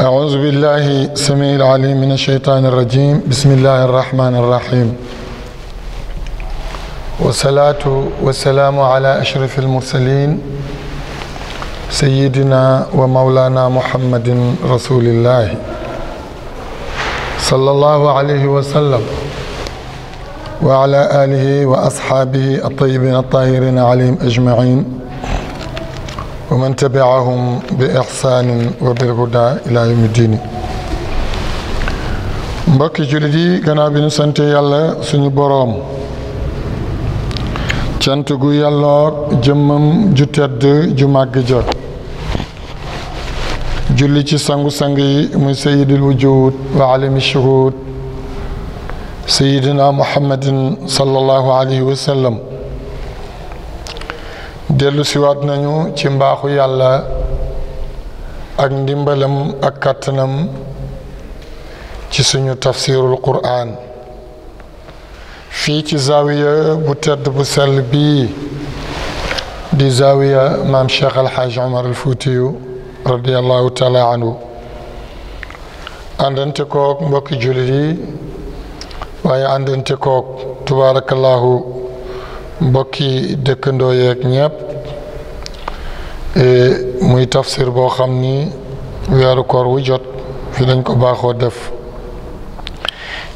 أعوذ بالله سميع العليم من الشيطان الرجيم بسم الله الرحمن الرحيم والصلاة والسلام على أشرف المرسلين سيدنا ومولانا محمد رسول الله صلى الله عليه وسلم وعلى آله وأصحابه الطيبين الطاهرين عليهم أجمعين ومن تبعهم بإحسان وبالهدى إلى يوم الدين مباكي جلدي كان أبن سنتي الله سني بروم تنتقو يالله جمم جتد جمعك جر جلدي سنغو سنغي من سيد الوجود وعلم الشهود سيدنا محمد صلى الله عليه وسلم وعلم الشهود dellu siwaat nañu ci mbaaxu yàlla ak ndimbalam ak kàttanam ci suñu tafsirul quraan fii ci zawiya bu tedd bu sell bii di zawiya maam cheikh alxaaj omar al fuutiyu radiallahu taala anhu àndante kook mbokki jullit yi waaye àndante kook tubaarakallahu mbokki dëkkandoo yeeg ñépp E, muy tafsir boo xam ni weeru koor wu jot fi lañ ko baaxoo def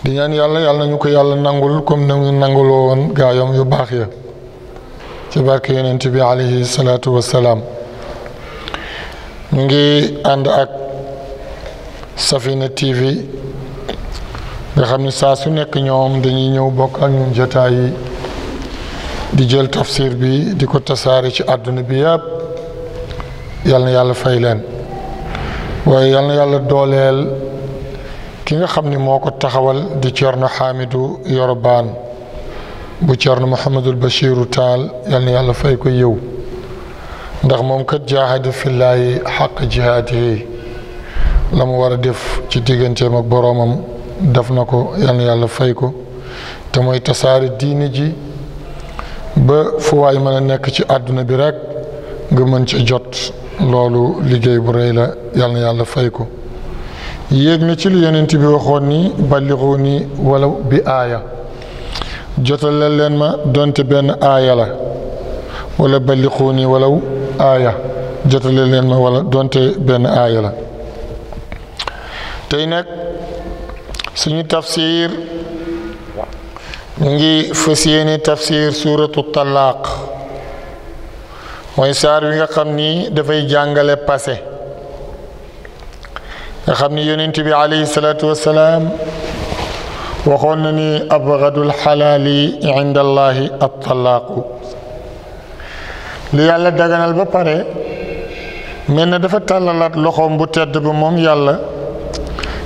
di ñaan yàlla yàlla nañu ko yàlla nangul comme nañu nanguloo woon gaayam yu baax ya ci barke yonent bi alayhi salatu wassalam ñu ngi ànd ak Safina TV nga xam ni su nekk ñoom dañuy ak ñun jotaay di jël tafsir bi di ko tasaare ci àdduna bi يالنا يالا فايلان fay يالنا يالا دولال كيغا خامني موكو ki دي xam حامدو يوربان بو taxawal محمد البشير تال يالنا يالا bu Thierno Mouhamadul Bachiru Taal yal na yàlla fay ko yëw ndax moom kat jaahada fillaahi xaq jihaadihi la mu war a def ci digganteem ak boroomam ba fuway mana nek ci aduna bi rek nga mën ci jot loolu liggéey bu rëy la yal na yàlla fay ko yéeg na ci li yonent bi waxoon ni balliru ni wala bi aaya jotalal leen ma donte benn aaya la wala balliru ni walaw aaya jotalal leen ma wala donte benn aaya la tey nag suñu tafsir ñu ngi fas yéene tafsir suuratu talaaq mooy saar wi nga xam ni dafay jàngale passé nga xam ni yonent bi alayhi salaatu wassalaam waxoon na ni abgadul xalaali inda allahi attalaaqu li yàlla daganal ba pare mel na dafa tàllalaat loxoom bu tedd ba moom yàlla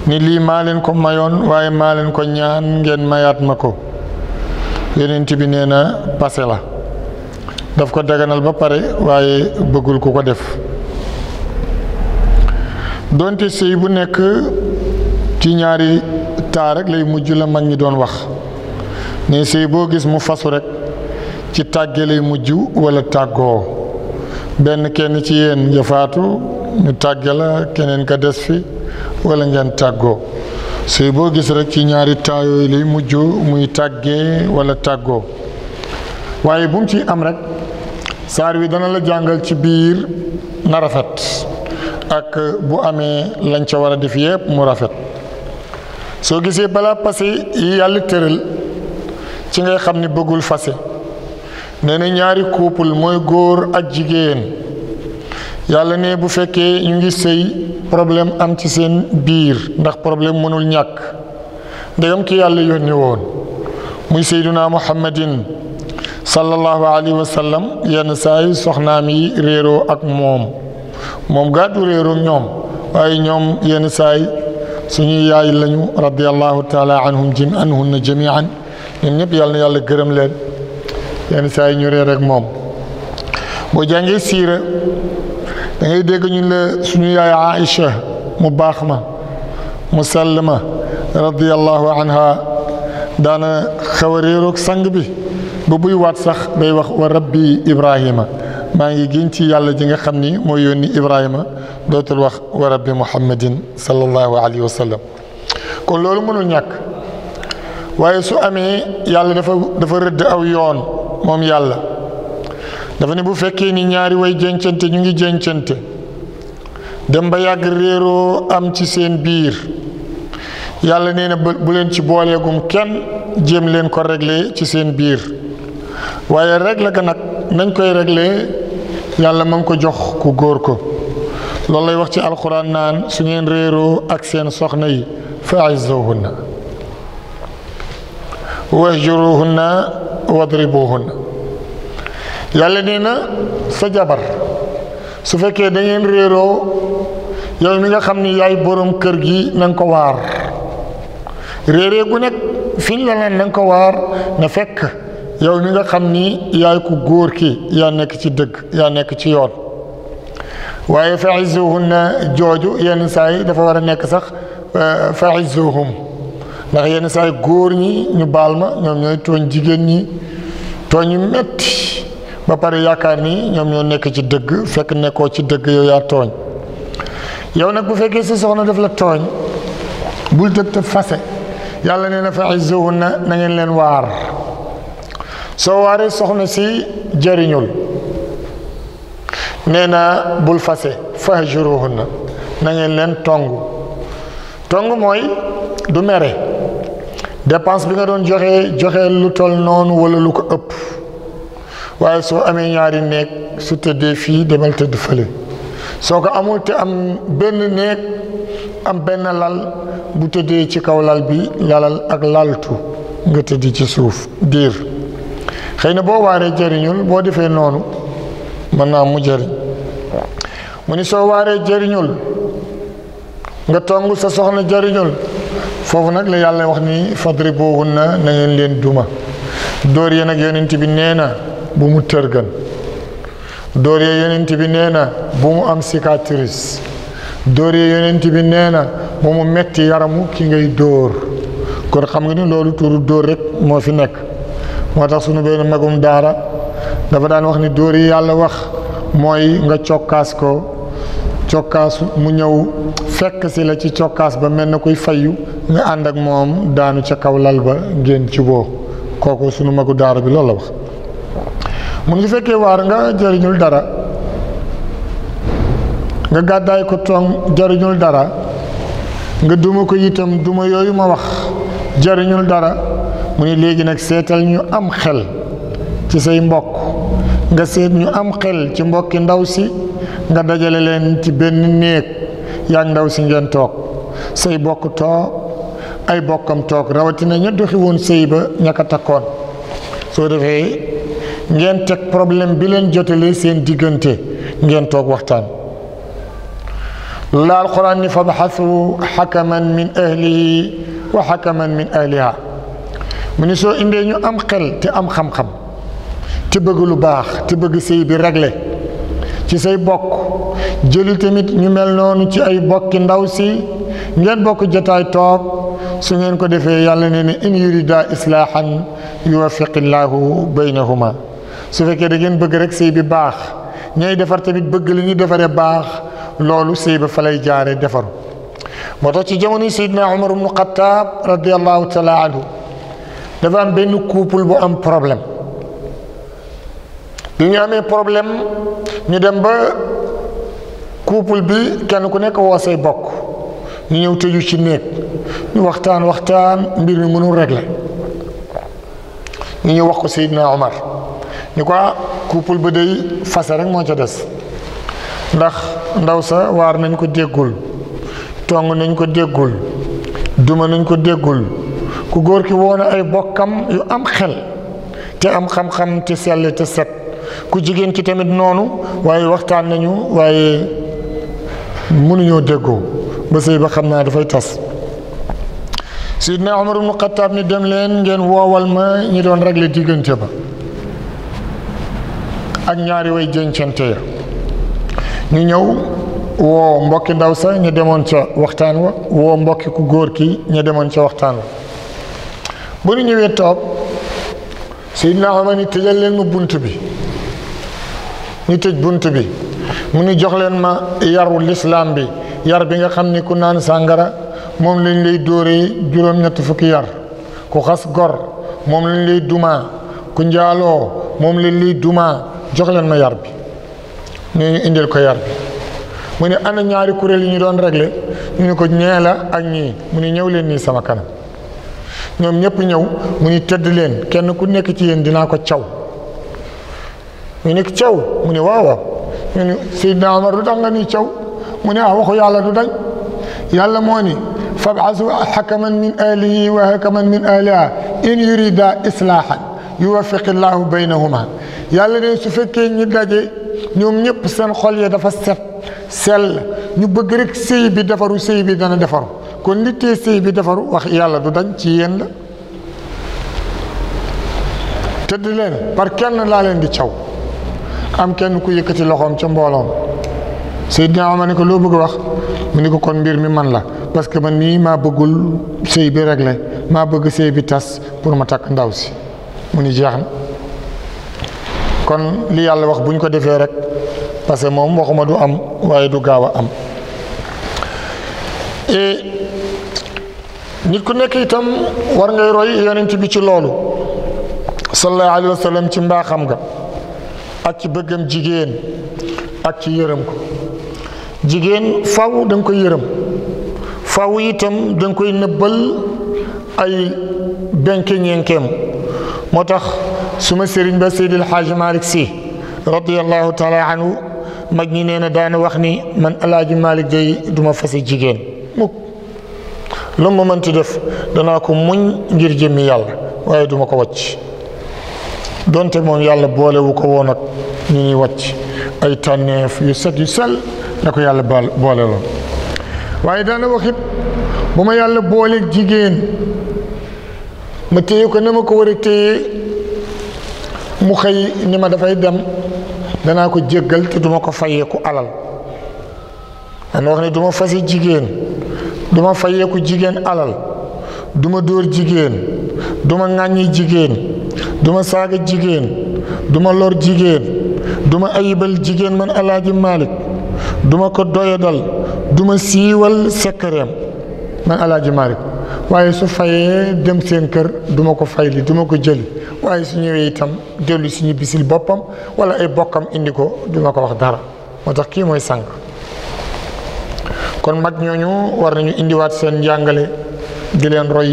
ni lii maa leen ko mayoon waaye maa leen ko ñaan ngeen mayaat ma ko yonent bi nee na passé la daf ko daganal ba pare waye beugul kuko def donte sey bu nek ci ñaari taa rek lay mujj la mag ni doon wax ne sey bo gis mu fasu rek ci tagge lay mujj wala taggo ben kenn ci yeen ya faatu ni tagge la kenen ka dess fi wala ngeen taggo sey bo gis rek ci ñaari tayo yooyu lay mujj muy tagge wala taggo waye bu mu ci am rek saar wi dana la jàngal ci biir na rafet ak bu amee lañ ca war a mu rafet soo gisee balaa passé yi yàlla tëral ci ngay xam ni bëggul fase nee na ñaari couple mooy góor ak jigéen yàlla ne bu fekkee ñu ngi sëy problème am ci seen biir ndax problème mënul ñàkk ndegam ki yàlla yónni woon muy seyduna muhammadin صلى الله عليه وسلم ينساي سخنامي ريرو اك موم موم غادو ريرو نيوم واي نيوم ينساي سني ياي لنيو رضي الله تعالى عنهم جن انهم جميعا نيب يالنا يالا گرم لين ينساي نيو رير اك موم بو جانغي سير دا ngay دگ نيو لا سني ياي عائشه مباخما مسلمه رضي الله عنها دانا خوريروك سانغ بي ba buy waat sax day wax wa rabbi ibrahima maa ngi giñ ci yàlla ji nga xam ni moo yónni ibrahima dootul wax wa rabbi muhammadin sallallahu alayhi wa sallam kon loolu mënul ñàkk waaye su amee yàlla dafa dafa rëdd aw yoon moom yàlla dafa ne bu fekkee ni ñaari way jëncante ñu ngi jëncante dem ba yàgg réeroo am ci seen biir yàlla nee na bu leen ci booleegum kenn jéem leen ko régler ci seen biir waaye règle ga nag nañ koy regle yàlla ma ngi ko jox ku góor ko loolu lay wax ci alxuraan naan su ngeen réeroo ak seen soxna yi fa azzawhunna wahjuruhunna wadribuhunna yàlla nee na sa jabar su fekkee da ngeen réeroo yow mi nga xam ni yaay boroom kër gi na ko waar réeree gu nekk fiñ la naan ko waar na fekk yow mi nga xam ni yaay ku góor ki yaa nekk ci dëgg yaa nekk ci yoon waaye na jooju yenn saa dafa war a nekk sax euh, fa'izuhum ndax yenn saa yi góor ñi ñu baal ma ñoom ñooy tooñ jigéen ñi tooñ yu metti ba pare yaakaar ni ñoom ñoo nekk ci dëgg fekk nekkoo ci dëgg yow yaa tooñ yow nag bu fekkee si soxna daf la tooñ bul tëb tëb fase yàlla nee na fa'izuhunna na ngeen leen waar soo waaree soxna si jariñul nee bul fase fahjuruhunna na ngeen leen tong tong mooy du mere dépense bi nga doon joxe joxe lu toll noonu walla lu ko ëpp waaye soo amee ñaari néeg su tëddee fii demal tëdd fële soo ko amul te am benn néeg am benn lal bu tëddee ci kaw lal bi lalal ak laltu nga tëdd ci suuf diir xëy na boo waaree jëriñul boo defee noonu mën naa mu jëriñ mu ni soo waaree jëriñul nga tong sa soxna jëriñul foofu nag la yàlla wax ni fadri boobu na na leen duma dóor yee nag yonent bi nee na bu mu tërgan dóor yee yonent bi nee na bu mu am cicatrice bi nee na bu mu metti yaramu ki ngay dóor kon xam nga ni loolu turu dóor rek moo fi nekk moo tax suñu benn magum daara dafa daan wax ni dóor yi yàlla wax mooy nga cokkaas ko cokkaas mu ñëw fekk si la ci cokkaas ba mel na kuy fayu nga ànd ak moom daanu ca kaw lal ba génn ci boo kooku sunu magu daara bi loolu la wax mu ngi fekkee waar nga jariñul dara nga gàddaay ko tong jariñul dara nga duma ko itam duma yooyu ma wax jariñul dara mune legi nak setal ñu am xel ci say mbokk nga set ñu am xel ci mbokk ndaw si nga dajale len ci ben neek ya ndaw si ngeen tok say bokk to ay bokkam tok rawati ña ñu doxi woon sëy ba ñaka takkon so defé ngeen tek problème bi len jotale seen digënté ngeen tok waxtaan لا القرآن ni حكما من أهله وحكما من أهلها mu ni soo indee ñu am xel te am xam-xam te bëgg lu baax te bëgg sëy bi régler ci say bokk jëli tamit ñu mel noonu ci ay bokki ndaw si ngeen bokk jotaay toog su ngeen ko defee yàlla ne ne in yurida islaahan yuwaffiqillaahu baynahuma su fekkee da ngeen bëgg rek sëy bi baax ñay defar tamit bëgg li defaree baax loolu sëy ba fa lay jaare defaru moo tax ci jamono Seydina Umar ibnu Xattaab radiyallaahu taala anhu dafa am benn couple bu am problème bi ñu amee problème ñu dem ba couple bi kenn ku nekk woo say bokk ñu ñëw tëju ci néeg ñu waxtaan waxtaan mbir mi mënul régler ñu ñëw wax ko Seydina Omar ñu ko ah, couple ba day fase rek moo ca des ndax ndaw sa waar nañ ko déggul tong nañ ko déggul duma nañ ko déggul ku góor ki woon ay bokkam yu am xel te am xam-xam te sell te set ku jigéen ki tamit noonu waaye waxtaan nañu waaye mënuñoo déggoo ba sëy ba xam naa dafay tas sidna Umar ibnu Xattaab ni dem leen ngeen woowal ma ñi doon régler diggante ba ak ñaari way jëncante ya ñu ñëw woo mbokki ndaw sax ñu demoon ca waxtaan wa woo mbokki ku góor ki ñu demoon ca waxtaan wa bu nu ñëwee toog Seydina Omar ni tëjal leen ma bunt bi ñu tëj bunt bi mu ni jox leen ma yaru lislaam bi yar bi nga xam ni ku naan sàngara moom lañ lay dóoree juróom-ñetti fukki yar ku xas gor moom lañ lay dumaa ku njaaloo moom lañ lay dumaa jox leen ma yar bi ñu ñu indil ko yar bi mu ne ana ñaari kuréel yi ñu doon réglé ñu ne ko ñee ak ñii mu ne ñëw leen nii sama kanam ñom ñëpp ñëw mu ni tëdd leen kenn ku nekk ci yéen dina ko caw ñu nekk caw mu ne waaw waaw ñu ne sayyidna umar du tax nga ni caw mu ne waxu yàlla du dañ yàlla mo ni fab'asu hakaman min alihi wa hakaman min alaha in yurida islahan yuwaffiq llaahu baynahuma yàlla ne su fekke ñu daje ñom ñëpp seen xol ya dafa set sel ñu bëgg rek sëy bi defaru sëy bi dana defaru kon li tee sëy bi defaru wax yàlla du dañ ci yenn la tëdd leen par kenn laa leen di caw am kenn ku yëkkati loxoom ca mbooloom Seydina Omar ne ko loo bëgg wax mu ni ko kon mbir mi man la parce que man nii maa bëggul sëy bi réglé maa bëgg sëy bi tas pour ma takk ndaw si mu ni jeex na kon li yàlla wax bu ñu ko defee rek parce que moom waxuma du am waaye du gaaw a am nit ku nekk itam war ngay roy yonent bi ci loolu sallallahu alayhi wa sallam ci mbaaxam nga ak ci bëggam jigéen ak ci yërëm ko jigéen faw da nga koy yërëm faw itam da nga koy nëbbal ay benke ñenkeem moo tax suma sëriñ ba seydil xaaji malik si radiallahu taala anhu mag ñi nee na daana wax ni man alaaji malik day duma fase jigéen mukk lamma man mënti def danaa ko muñ ngir jëmmi yàlla waaye duma ko wàcc donte moom yàlla boolewu ko woon ak ñu wàcc ay tanef yu set yu sel la ko yàlla boole loon waaye daana wax it yàlla booleeg jigéen ma téye ko ne ma ko war a téye mu xëy ni ma dafay dem danaa ko jéggal te duma ko fayeeku alal dana wax ne duma fase jigéen duma fayeeku jigéen alal duma dóor jigéen duma ŋàññi jigéen duma saaga jigéen duma lor jigéen duma ayibal jigéen man alaaji Malick duma ko doyadal duma siiwal sekkareem man alaaji Malick waaye su fayee dem seen kër duma ko fayli duma ko jëli waaye su ñëwee itam dellu suñu bisil boppam wala ay bokkam indi ko duma ko wax dara moo tax kii mooy sànq kon mag ñooñu war nañu indiwaat seen njàngale di leen roy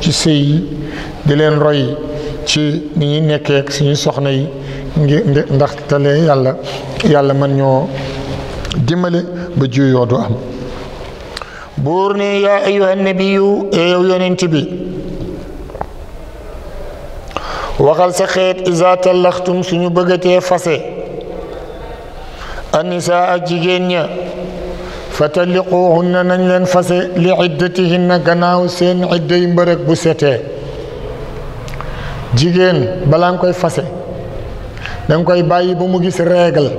ci sëy yi di leen roy ci ni ñuy nekkee suñu soxna yi ngir ndax yàlla yàlla mën ñoo dimbale ba juyoo du am buur ne yaa ayuha nabiyu e bi waxal sa xeet isa tallaxtum suñu bëggatee fase annisaa jigéen ña fatalliquhunna nañ leen fase li iddatihinna gannaaw seen idda yi mbërëg bu setee jigéen balaa nga koy fase danga koy bàyyi ba mu gis règle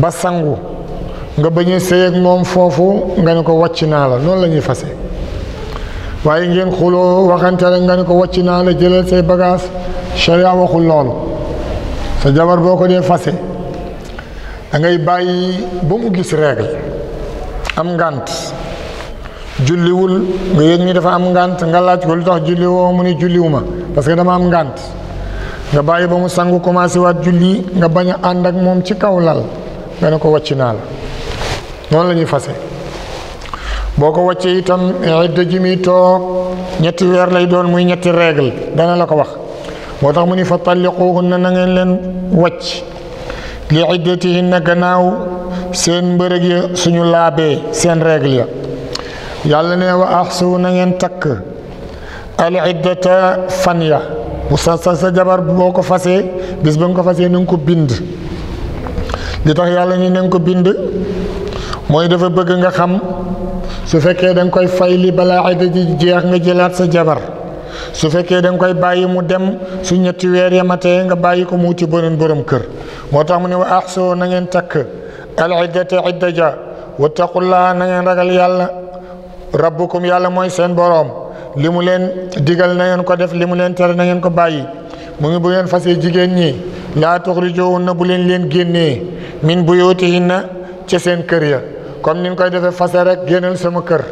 ba sangu nga bañ sëy ak moom foofu nga ne ko wàcc naa la noonu lañuy ñuy fase waaye ngeen xuloo waxante rek nga ne ko wàcc naa la jëlal say bagage sharia waxul loolu sa jabar boo ko dee fase da ngay bayyi bu mu gis règle am julli wul nga yegg ni dafa am ngant nga laaj ko lu tax wo mu ni julli wuma parce que dama am ngant nga bayyi ba mu sangu commencé wat julli nga baña and ak mom ci kaw lal nga ko fase itam idda jimi muy toog ñetti lay doon muy ñetti règle dana la ko wax motax mu ni fa talliquhunna na ngeen len wacc li iddatihinna gannaaw sen mbeureug ya suñu labé sen règle ya yalla ne wa ahsu na ngeen takk al iddata fan ya bu sa sa jabar boko ko bis bu ngi ko fasé ko bind li tax yalla ni ko bind moy dafa bëgg nga xam su fekke dang koy fay li bala jeex nga jëlat sa jabar su fekke dang koy bayyi mu dem su ñetti weer yamatee nga bayyi ko mu ci bonen borom kër motax mu ne wa ahsu na ngeen tak al iddaja ja wattaqullaa na ngeen ragal yalla rabbukum yalla moy seen borom limu len digal na ngeen ko def limu len leen tere na ngeen ko bayyi mu ngi bu ngeen fasé jigéen ñi laa na bu len len genné min buyootihinna ci seen kër ya comme ni nga koy defee rek génnal sama kër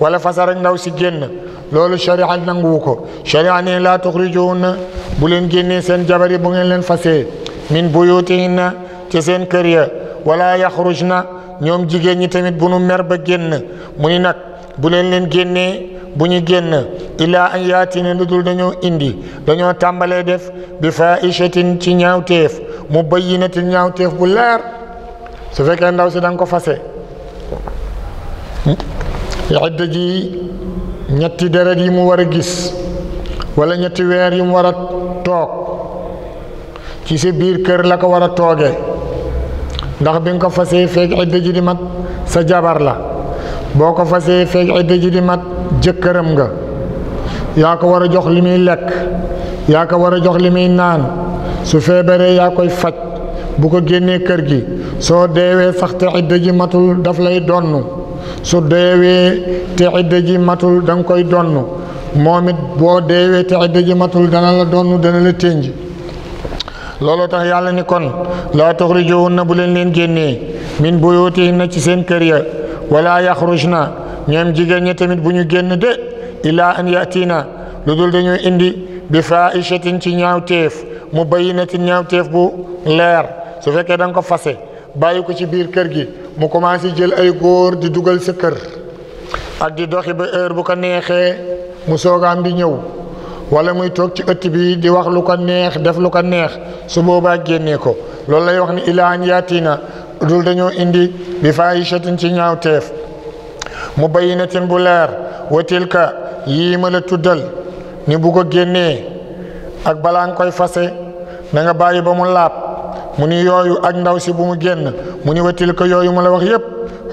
wala fase rek ndaw si genn loolu sharia nanguwu ko sharia ne laa tuxrijuhunna bu leen génnee seen jabar yi bu ngeen leen fasee min na ci seen kër ya wala yaxrujna ñoom jigéen ñi tamit bu nu mer ba génn mu ni nag bu leen leen génnee bu ñu génn illaa an yaatina lu dul dañoo indi dañoo tàmbalee def bi faishatin ci ñaawteef mu bayyinatin ñaawteef bu leer su fekkee ndaw si da nga ko fase hmm? idda ji ñetti deret yi mu war a gis walla ñetti weer yi mu war a toog ci sa biir kër la ko war a tooge ndax bi nga ko fasee feeg idda ji di mat sa jabar la boo ko fasee feeg idda di mat jëkkëram nga yaa ko war a jox li muy lekk yaa ko war a jox li muy naan su feebaree yaa koy faj bu ko génnee kër gi soo deewee sax te idda matul daf lay donn su deewee te idda ji matul danga koy donn moom it boo deewee te idda ji matul dana la donn dana la ténj looloo tax yàlla ni kon laa tuxrijuhunna bu leen leen génnee min na ci seen kër ya wala yaxrujna ñoom jigéen ñi tamit bu ñu génn de ilaa an yatiina lu dul dañuy indi bi faaishatin ci ñaawteef mu bayinatin ñaawteef bu leer su fekkee danga ko fase bàyyi ko ci biir kër gi mu commencé jël ay góor di dugal sa kër ak di doxi ba heure bu ko neexee mu soogaan bi ñëw wala muy toog ci ëtt bi di wax lu ko neex def lu ko neex su boobaa génnee ko loolu lay wax ni ilaan yaatina dul dañoo indi bi faahishatin ci ñaawteef mu bayyinatin bu leer wa tilka yii ma la tuddal ni bu ko génnee ak balaa nga koy fase na bàyyi ba mu laab muni yoyu ak ndaw ci bu mu génn muni watil ko yoyu mala wax yeb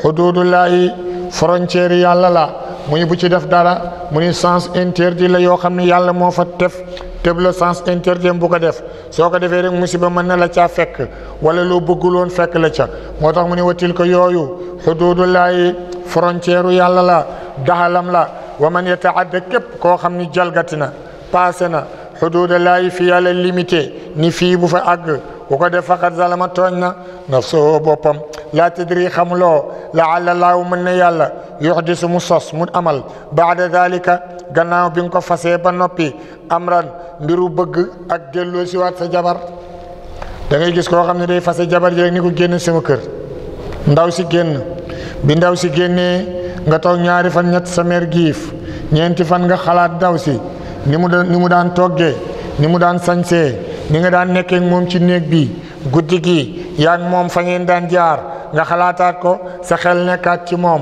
hududullahi frontière yàlla la muni bu ci def dara muni sens interdit la yo xamni yàlla mo fa def tëb le sens interdit bu ko def soko defé rek musiba man na la ca fekk wala beugul won fekk la ca motax muni watil ko yoyu hududullahi frontière yàlla la dahalam la ومن يتعدى yataadda كو خامني جالغاتنا باسنا حدود الله في على ليميتي fi في limité فا اغ kuka de fakat zalama tonna na so bopam la tadri khamlo la ala mën na yalla yuhdis musas amal ba'da dalika gannaaw bi ko ba nopi amran mbiru bëgg ak delo ci wat sa jabar da ngay gis ko xam day fase jabar ji ni ko génn sama kër ndaw si génn bi ndaw si génnee nga toog ñaari fan ñet sa gif ñenti fan nga xalaat daw si ni mu ni mu daan toggé ni mu daan sañsé ni nga daan nekkee moom ci néeg bi guddi gi yaa ngi moom fa ngeen daan jaar nga xalaataat ko sa xel nekkaat ci moom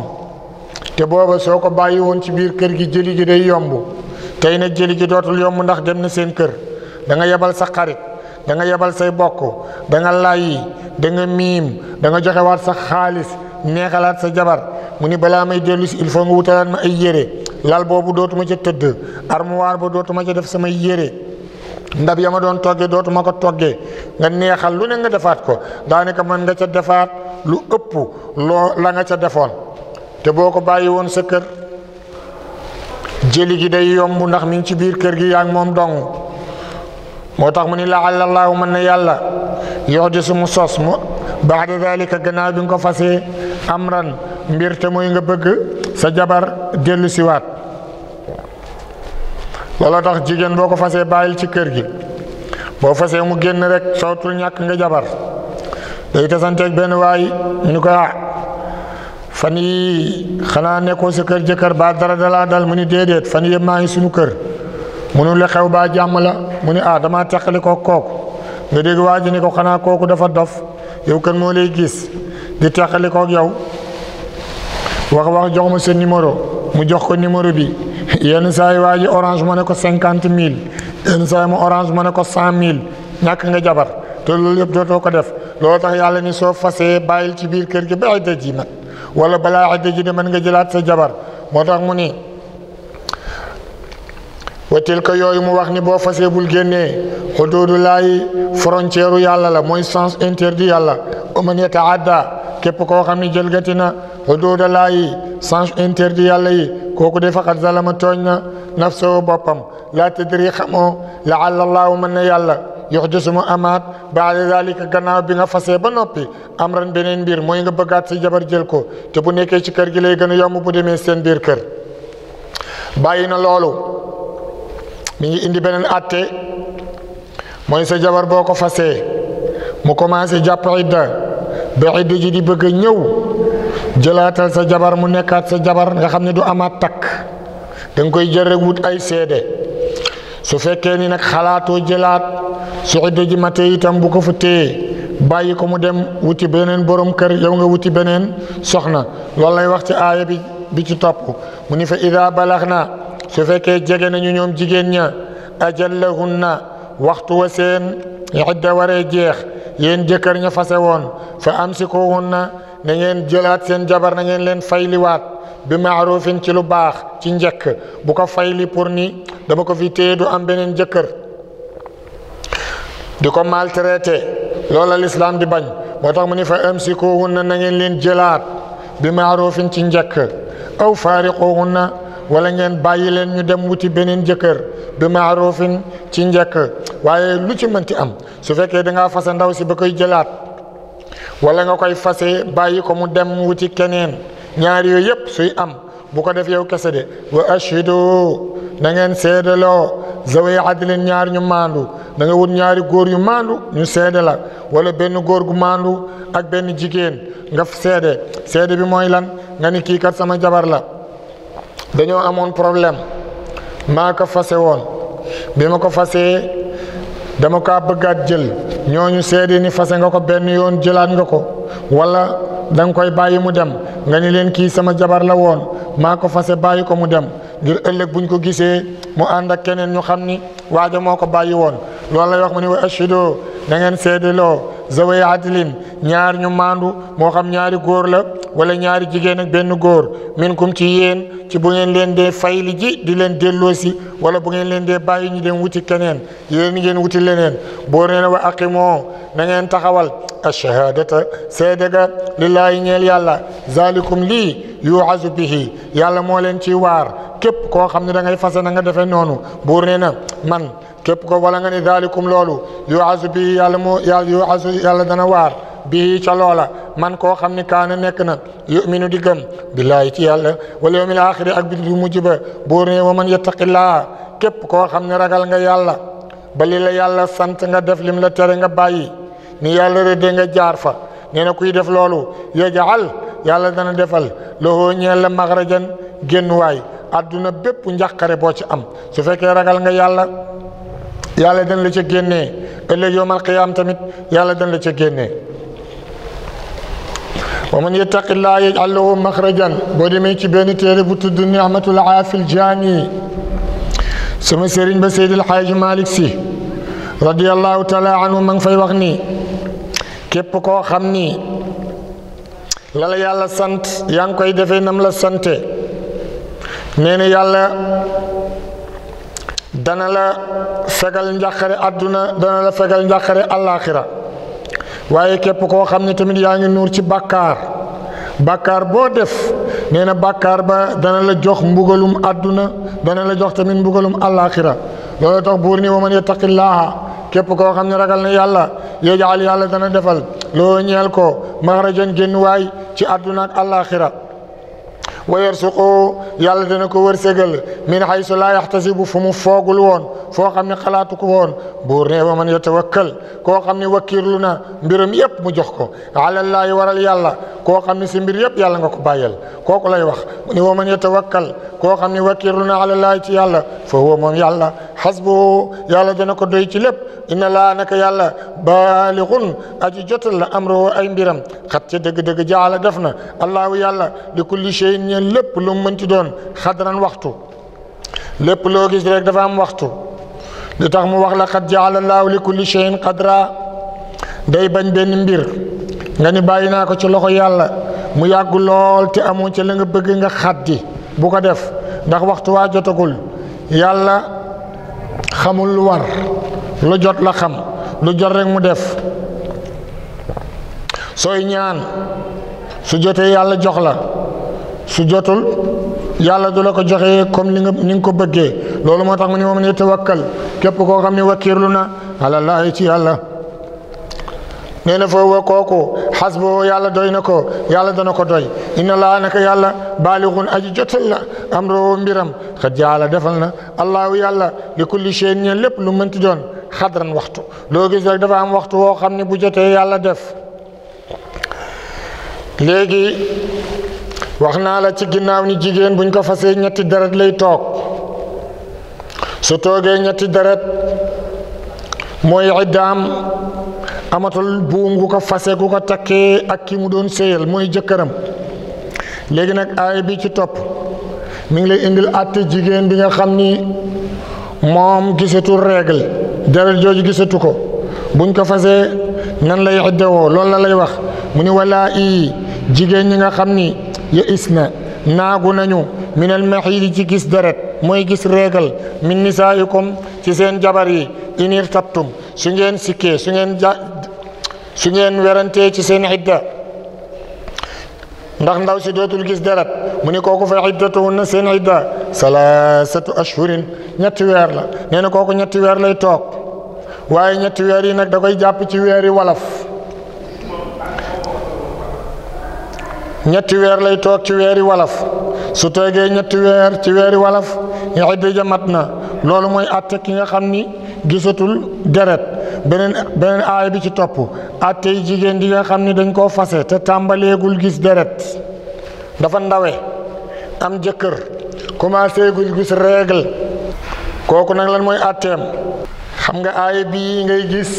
te booba soo ko bàyyi woon ci biir kër gi jëli ji day yomb tey na jëli ji dootul yomb ndax dem na seen kër da nga yebal sa xarit danga yebal say bokk da lay layi da nga miim da nga joxewaat sa xaalis neexalaat sa jabar mu ni balaa may dellu si il faut nga wutalaat ma ay yére lal boobu dootuma ca tëdd armoire ba dootuma ca def samay yére ndab yama don togge dotuma ko togge nga neexal lu ne nga defat ko danika man nga ca defat lu upp lo la nga ca defon te boko ko won sa keur jëli gi day yomb ndax mi ci bir keur gi yaa mom moom dong motax muni la ni laala allahu mën na mu amran mbir te moy nga bëgg sa jabar dellu wat looloo tax jigéen boo ko fasee bàyyil ci kër gi boo fasee mu génn rek sootul ñàkk nga jabar day tasanteeg benn waay ñu ko ah fan yi xanaa nekkoo sa kër jëkkër ba dara dalaa dal mu ni déedéet fan yëpp maa ngi suñu kër munu li xew baa jàmm la mu ni ah damaa teqali ko kooku nga dégg waa ji xanaa kooku dafa dof yow kan moo lay gis di teqali ko yow wax wax jox ma sa numéro mu jox ko numéro bi yenn saa yi waa ji orange mu ne ko mille yenn saa mu orange ne ko cent mille ñàkk nga jabar te loolu yëpp dootoo ko def loolu tax yàlla ni soo fasee bàyyil ci biir kër gi ba ay dëj yi mat wala balaa ay dëj yi nga jëlaat sa jabar moo tax mu ni wa tilka yooyu mu wax ni boo fasee bul génnee xuduudu laayi frontière yàlla la mooy sens interdit yàlla man yataadda képp koo xam ni jëlgati na xuduuda laayi sens interdit yàlla yi kooku de faqat zalama tooñ na nafsahu boppam laa tadri xamoo laalla allaahu mën na yàlla yox disu mu amaat baada dalika gannaaw bi nga fasee ba noppi amran beneen mbir mooy nga bëggaat sa jabar jël ko te bu nekkee ci kër gi lay gën a yomb bu demee seen biir kër bàyyi na loolu mi ngi indi beneen atte mooy sa jabar boko fassé mu commencé japp idda bi idda ji di bëgg a ñëw sa jabar mu nekkat sa jabar nga xamni du amat tak dang koy jël rek wut ay sédé su fekké ni nak xalaato jëlat su idda ji maté itam bu ko fa téye ko mu dem wuti benen borom kër yow nga wuti benen soxna lolay wax ci aya bi bi ci top mu ni fa ida balaghna su fekkee jege nañu ñoom jigéen ña ajallahunna waxtu wa seen idda waree jeex yéen jëkkër ña fase woon fa amsikuhunna na ngeen jëlaat seen jabar na ngeen leen fayliwaat bi maarufin ci lu baax ci njëkk bu ko fayli pour ni dama ko fi téye du am beneen jëkkër di ko maltraité loola lislaam di bañ moo tax mu ni fa amsikuhunna na ngeen leen jëlaat bi maarufin ci njëkk aw faariquhunna wala ngeen bàyyi leen ñu dem wuti beneen jëkkër bi maaruufin ci njëkk waaye lu ci mënti am su fekkee da ngaa fase ndaw si ba koy jëlaat wala nga koy fase bàyyi ko mu dem wuti keneen ñaar yooyu yëpp suy am bu ko def yow kese de wa ashhidu na ngeen seedaloo zaway adlin ñaar ñu maandu da wut ñaari góor ñu maandu ñu seede la wala benn góor gu maandu ak benn jigéen nga seede seede bi mooy lan nga ni kii kat sama jabar la dañoo amoon problème maa ko fase woon bi ma ko fasee dama kaa bëggaat jël ñoo ñu seede ni fase nga ko benn yoon jëlaat nga ko walla danga koy bàyyi mu dem nga ni leen kii sama jabar la woon maa ko fase bàyyi ko mu dem ngir ëllëg buñ ko gisee mu ànd ak keneen ñu xam ni waaja moo ko bàyyi woon loolu la wax mu wa ashhadu da ngeen sédelo zaway adlin ñaar ñu mandu mo xam ñaari góor la wala ñaari jigéen ak ben góor min kum ci yéen ci bu ngeen leen de fayli ji di leen delloosi wala bu ngeen leen de bàyyi ñu dem wuti keneen yéen ngeen wuti leneen bo reena wa aqimo da ngeen taxawal ashhadata sédega lillahi ñeel yàlla zalikum li yuazu bihi yàlla mo leen ci war kep ko xam da ngay fase na nga defé nonu buur na man képp ko wala nga ni daalikum loolu yuasu bi yàlla moo yuasu yàlla dana waar bii ca loola man koo xam ni kaana nekk na yuminu di gëm billaahi ci yàlla wala yawmil aaxiri ak bidu mujj ba bóor ne wa man yattaqillaa képp koo xam ne ragal nga yàlla ba li la yàlla sant nga def lim la tere nga bàyyi ni yàlla rëdde nga jaar fa nee kuy def loolu yajal yàlla dana defal loxoo ñeel la maxrajan génn waay àdduna bépp njàqare boo ci am su fekkee ragal nga yàlla dañ la ca génnee ëllëg yowmal qiyaam tamit yàlla dañ la ca génnee wa man yattaqillaa yaj'al lahu maxrajan boo demee ci benn téere bu tudd ni'matul aafil jaami sama sëriñ ba seydil xaaji malik si radiallahu taala anhu ma ngi fay wax ni képp koo xam ni la la yàlla sant yaa ngi koy defee nam la sante nee na yàlla dana la fegal njàqare àdduna dana la fegal njàqare àllaaxira waaye képp koo xam ne tamit yaa ngi nuur ci bàkkaar bàkkaar boo def nee na ba dana la jox mbugalum àdduna dana la jox tamit mbugalum àllaaxira loolu tax buur ni wa man yattaqillaaha képp koo xam ne ragal na yàlla yajal yàlla dana defal loo ñeel ko maxrajan génn waay ci àdduna ak wa yarsuqoo yàlla dana ko wërsëgal min haysu laa yaxtasibu fu mu foogul woon foo xam ne xalaatu ko woon buur ne wa man yatawakkal koo xam ne wakkirlu na mbiram yépp mu jox ko alallaahi waral yàlla koo xam ne si mbir yépp yàlla nga ko bàyyal kooku lay wax mu ne wa man yatawakkal koo xam ne wakkirlu na alallaahi ci yàlla fa huwa moom yàlla xasbu yàlla dana ko doy ci lépp inna laa naka yàlla baalixun aji jotal la amroo ay mbiram xat ca dëgg-dëgg jaala def na allaahu yàlla li kulli shay'in lepulung lepp lu waktu mën ci doon xadran waxtu lepp lo gis rek dafa am waxtu li tax mu wax la qad jaala allahu li kulli shay'in qadra day bañ ben mbir nga ni bayina ko ci loxo yalla mu yag lool te amu ci la nga bëgg nga xaddi bu ko def ndax waxtu wa jotagul yalla xamul war lu jot la xam lu jot rek mu def soy ñaan su jotey yalla jox la su jotul yàlla du la ko joxe comme ni nga ni ko bëggee loolu moo tax mu ne moom ne tawakkal képp koo xam ne wakiirlu na alallaahi ci yàlla nee na foo wa kooku xasbo yàlla doy na ko yàlla dana ko doy inna laa naka yàlla baalixun aji jotal la amroo mbiram xad jaala defal na allahu yàlla li kulli shay ñeen lépp lu mënti doon xadran waxtu loo gis rek dafa am waxtu woo xam ne bu jotee yàlla def léegi wax naa la ci ginnaaw ni jigéen buñ ko fasee ñetti deret lay toog su toogee ñetti deret mooy iddaam amatul buum gu ko fase gu ko takkee ak ki mu doon seyal mooy jëkkëram léegi nag aay bi ci topp mu ngi lay indil àtte jigéen bi nga xam ni moom gisatu règle deret jooju gisatu ko buñ ko fasee nan lay iddawoo loolu la lay wax mu ni walaa i jigéen ñi nga xam ni ya is na naagu nañu minal maxiidi ci gis deret mooy gis réegal min nisaa'ikum ci seen jabar yi inir tattum su ngeen sikkee su ngeen ja su ngeen werantee ci seen xidda ndax ndaw si dootul gis deret mu ni kooku fa na seen xidda salaasatu ashhurin ñetti weer la nee na kooku ñetti weer lay toog waaye ñetti weer yi nag da jàpp ci weeri wolof ñetti weer lay toog ci weeri walaf su toogee ñetti weer ci weeri walaf idda ja mat na loolu mooy atte ki nga xam ni gisatul deret beneen beneen aay bi ci topp attey jigéen di nga xam ni dañ koo fase te tàmbaleegul gis deret dafa ndawe am jëkkër commencé gul gis règle kooku nag lan mooy atteem xam nga aay bii ngay gis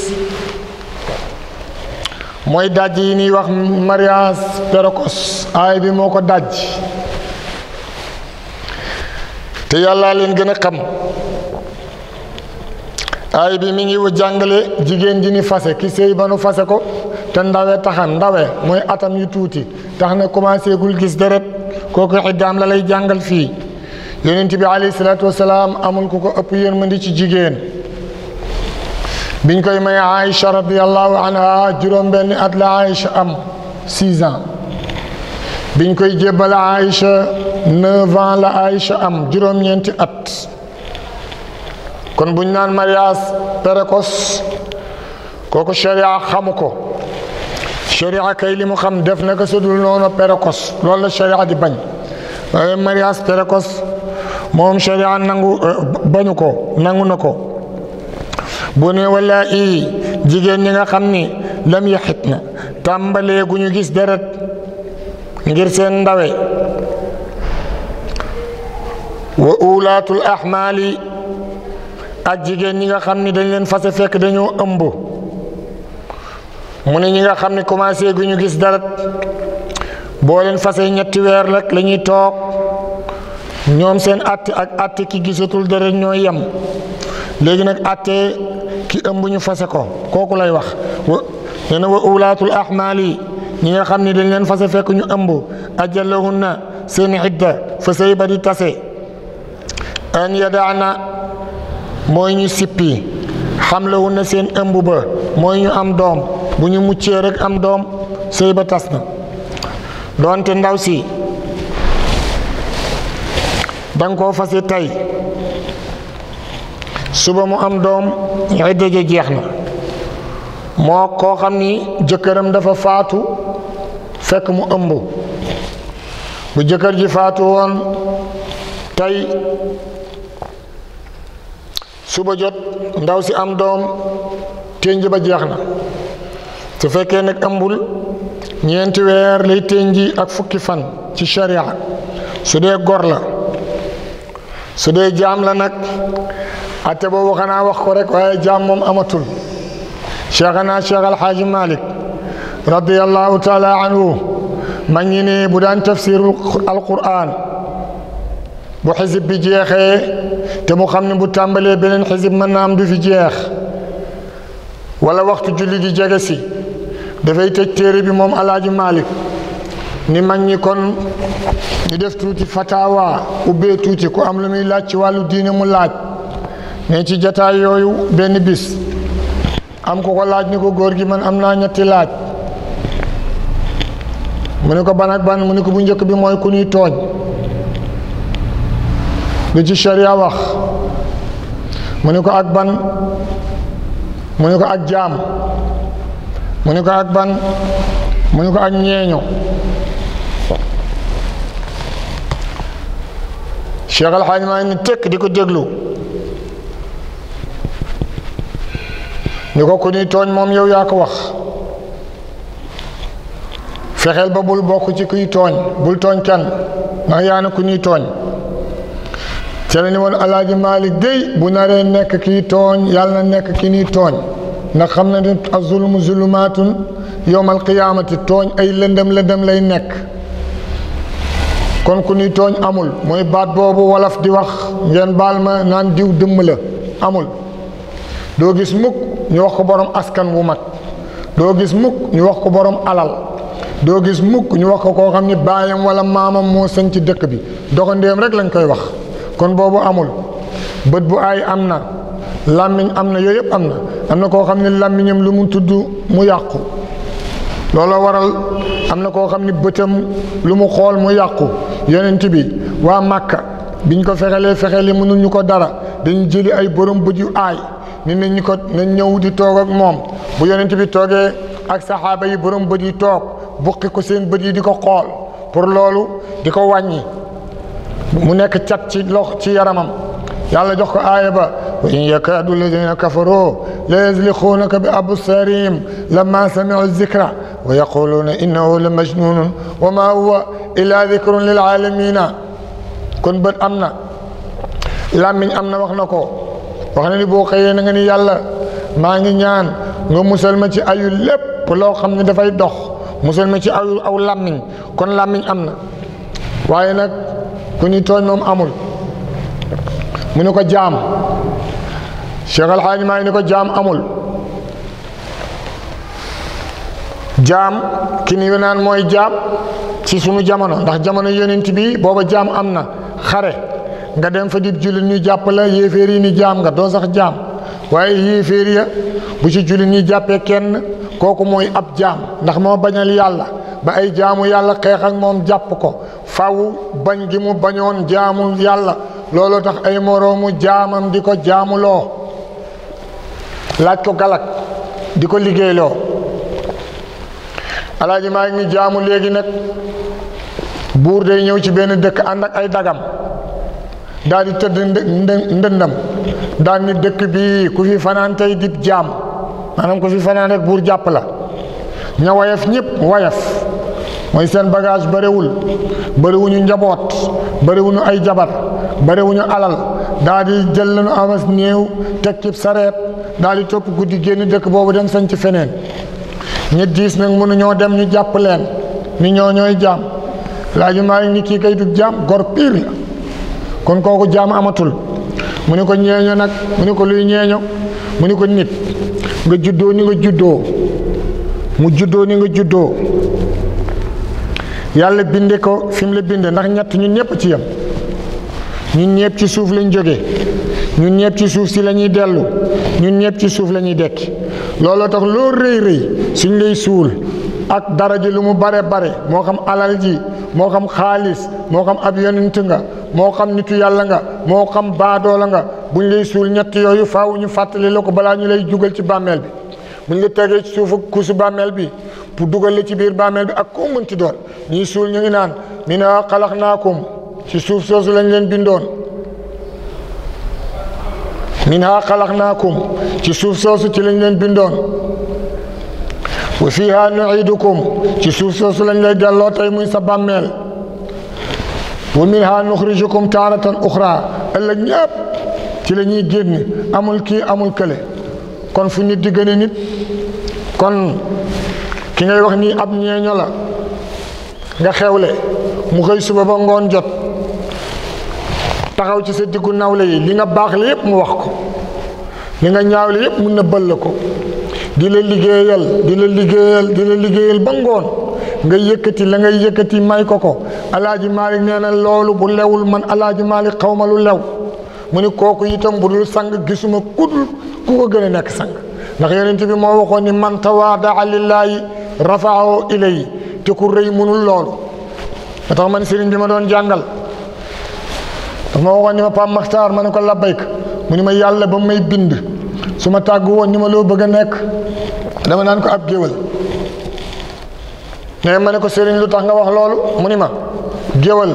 mooy daj yi ñuy wax mariage précoce aay bi moo ko daj te yàllaa leen gën a xam aay bi mi ngi jàngale jigéen ji ni fase ki sëy ba nu fase ko te ndawe taxam ndawe mooy atam yu tuuti tax na commencé gul gis deret kooku xiddaam la lay jàngal fii yonent bi alayhi salaatu wasalaam amul ku ko ëpp mën di ci jigéen biñ koy may Aïcha radiallahu anha juróom benn at la Aïcha am six ans biñ koy jébbal Aïcha neuf ans la Aïcha am juróom-ñeenti at kon buñ naan mariage précoce kooku sharia xamu ko sharia kay li mu xam def na ko sudul noonu précoce loolu la sharia di bañ mariage précoce moom sharia nangu bañu ko nangu na ko bu ne i jigéen ñi nga xam ni lam yaxit na tàmbaleeguñu gis deret ngir seen ndawe wa ulaatul ahmaali ak jigéen ñi nga xam ni dañ leen fase fekk dañoo ëmb mu ne ñu nga xam ni commencé gu ñu gis deret boo leen fas ñetti weer rek la ñuy toog ñoom seen att ak att ki gisatul deret ñoo yem léegi nag atte ki ëmb ñu fase ko kooku lay wax nee na wa ulaatul ahmaali ñi nga xam ne dañ leen fase fekk ñu ëmb ajalahunna seen xidda fa sëy ba di tase an yadaana mooy ñu sippi xamlahunna seen ëmb ba mooy ñu am doom bu ñu muccee rek am doom sëy ba tas na doonte ndaw si danga koo fase tey suba mu am dom idda ja jeexna mo ko xamni xam ni dafa faatu fekk mu ëmbu bu jëkkër ji faatu won tay suba jot ndaw si am dom teñji ba jeexna su fekke nak ëmbul ñent weer lay teñji ak fukki fan ci sharia su dee gor la su dee jam la nak أتبو وكان وخورك وهي جام مم أمطل شيخنا شيخ الحاج مالك رضي الله تعالى عنه ماني يني بدان تفسير القرآن بحزب بجيخ تمو خمن بتنبلي بين حزب من نام دو في جيخ ولا وقت جلي دي جاكسي دفاي تكتيري بمم الحاج مالك ni magni kon ni def touti fatawa ubbe touti ko am lamuy lacc walu dine mu lacc mais ci jataay yoyu ben bis am ko ko laaj ni ko gor gi man am na ñetti laaj mu ne ko ban ak ban mu ne ko bu ñëk bi moy ku ñuy tooñ bi ci sharia wax mu ne ko ak ban mu ne ko ak jaam mu ne ko ak ban mu ne ko ak Cheikh al tekk diko deglu niko ko ni togn mom yow yaa ko wax fexel ba bul bokk ci kuy togn bul togn kan ma yaana ko ni togn tele ni won alaaji malik dey bu nare nek ki togn yàlla nek ki ni togn ndax xam na ne azulmu zulumaatun yowmal qiyaamati tooñ ay lëndëm lëndëm lay nekk kon ku ñuy tooñ amul mooy baat boobu wolof di wax ngeen baal ma naan diw dëmm la amul do gis muk ñu wax ko borom askan wu mak do gis muk ñu wax ko borom alal do gis muk ñu wax ko koo xam ni wala maamam mo señ ci dekk bi doxandéem rek lañ koy wax kon bobu amul beut bu ay amna lamiñ amna yoyep amna amna ko xamni lamiñam lu mu tuddu mu yaqku lolo waral amna ko xamni beutam ni lu mu xol mu yaqku yonent bi wa màkka biñ ko fexale fexale mënu ñuko dara dañu jëli ay borom bu ju ay nit nañ ko nañ ñëw di toog ak moom bu yonent bi toogee ak saxaaba yi borom bët yi toog buqi ko seen bët yi di ko xool pour loolu di ko wàññi mu nekk cat ci lox ci yaramam yàlla jox ko aaya ba wa in yakaadu alladina kafaru la yasliquunaka bi absaarihim lamma samicu zikra wa yaquluuna innahu la majnunun wa ma huwa illa dikrun lil aalamina kon bët am na làmmiñ am na wax na ko wax na ni boo xëyee na nga ni yàlla maa ngi ñaan nga musal ma ci ayu lépp loo xam ne dafay dox musal ma ci ayu aw làmmiñ kon làmmiñ am na waaye nag ku ñu tooñ moom amul mu ko jaam Cheikh Al Hadj maa ngi amul jaam ki ni naan mooy jaam ci sumu jamono ndax jamono yonent bi booba jaam am na xare nga dem fa di jullit ñuy jàppale yéeféer yi ni jaam nga doo sax jaam waaye yéeféer ya bu ci jullit ñi jàppee kenn kooku mooy ab jaam ndax moo bañal yàlla ba ay jaamu yàlla xeex ak moom jàpp ko faw bañ gi mu bañoon jaamu yàlla looloo tax ay moroomu jaamam di ko jaamuloo laaj ko galak di ko liggéeyloo alaaji maa ngi jaamu léegi nag buur day ñëw ci benn dëkk ànd ak ay dagam daal di tëdd ndëndam daal ni dëkk bi ku fi fanaan tey dib jaam maanaam ku fi fanaan rek buur jàpp la ña wayaf ñëpp wayaf mooy seen bagage bëriwul bëriwuñu njaboot bëriwuñu ay jabar barewuñu alal daal jël lañu amas néew teg ci sareet daal di topp guddi génn dëkk boobu dem sañ ci feneen ñi diis nag mënuñoo dem ñu jàpp leen ni ñoo ñooy jaam laaju ni kii kay du jaam gor piir kon koku jam amatul mu ne ko ñeeño nag mu ko luy ñeño mu ko nit nga juddo ni nga juddo mu juddo ni nga judo. yalla binde ko fim la binde ndax ñatt ñun ñepp ci yam ñun ñepp ci suuf lañ jógee ñun ñepp ci suuf ci lañuy ñuy ñun ñepp ci suuf lañuy ñuy lolo tax lo reey reey suñ lay suul ak dara ji lu mu bare bare moo xam alal ji moo xam xaalis moo xam ab yonent nga moo xam nitu yàlla nga moo xam baadoola nga buñ lay suul ñetti yooyu faw ñu fàttali la ko balaa ñu lay jugal ci bàmmeel bi buñ la tegee ci suufu kuusu bàmmeel bi pour dugal la ci biir bàmmeel bi ak koo mënti doon ñuy suul ñu ngi naan mi na xalax naakum ci suuf soosu lañ leen bindoon min ha xalax naakum ci suuf soosu ci lañ leen bindoon wa fiha ci suuf soosu lañ lay delloo tey muy sa bàmmeel wa minha nuxrijukum taaratan uxra ëllëg ñëpp ci la ñuy génn amul kii amul kële kon fu nit di gën nit kon ki ngay wax nii ab ñeeño la nga xewle mu xëy suba ba ngoon jot taxaw ci sa diggu nawle yi li nga baax la yépp mu wax ko li nga ñaaw la yépp mu nëbbal la ko di la liggéeyal di la liggéeyal di ba ngoon nga yëkkati la ngay yëkkati may ko ko alaaji maalik nee loolu bu lewul man alaaji maalik xaw ma lu lew mu ne kooku itam bu dul sang gisuma kudul ku ko gën a nekk sang ndax yonent bi moo waxoon ni man tawaadaa lillaahi rafaahu ilayhi te ku rëy munul loolu nga tax man sëriñ bi ma doon jàngal daf ma waxoon ni ma Pape Maxtaar ma ko labbayk mu ma yàlla ba may bind su ma tàggu woon ñu ma loo bëgg a nekk dama naan ko ab géwal mais ma ne ko sëriñ lu tax nga wax loolu mu ni ma géwal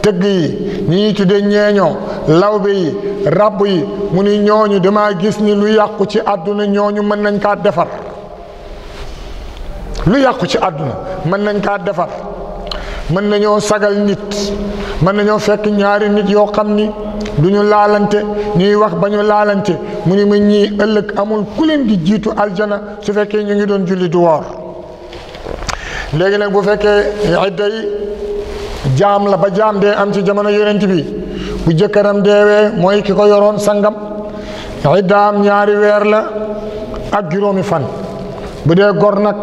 tëgg yi ñi ñuy tuddee ñeeñoo lawbe yi ràbb yi mu ni ñooñu dama gis ni lu yàqu ci àdduna ñooñu mën nañ kaa defar lu yàqu ci àdduna mën nañ kaa defar mën nañoo sagal nit mën nañoo fekk ñaari nit yoo xam ni du ñu laalante ñuy wax ba ñu laalante mu ni ma ñii ëllëg amul ku di jiitu aljana su fekkee ñu ngi doon julli du woor léegi nag bu fekkee idda yi jaam la ba jaam dee am ci jamono yonent bi bu jëkkëram deewee mooy ki ko yoroon sangam idda am ñaari weer la ak juróomi fan bu dee gor nag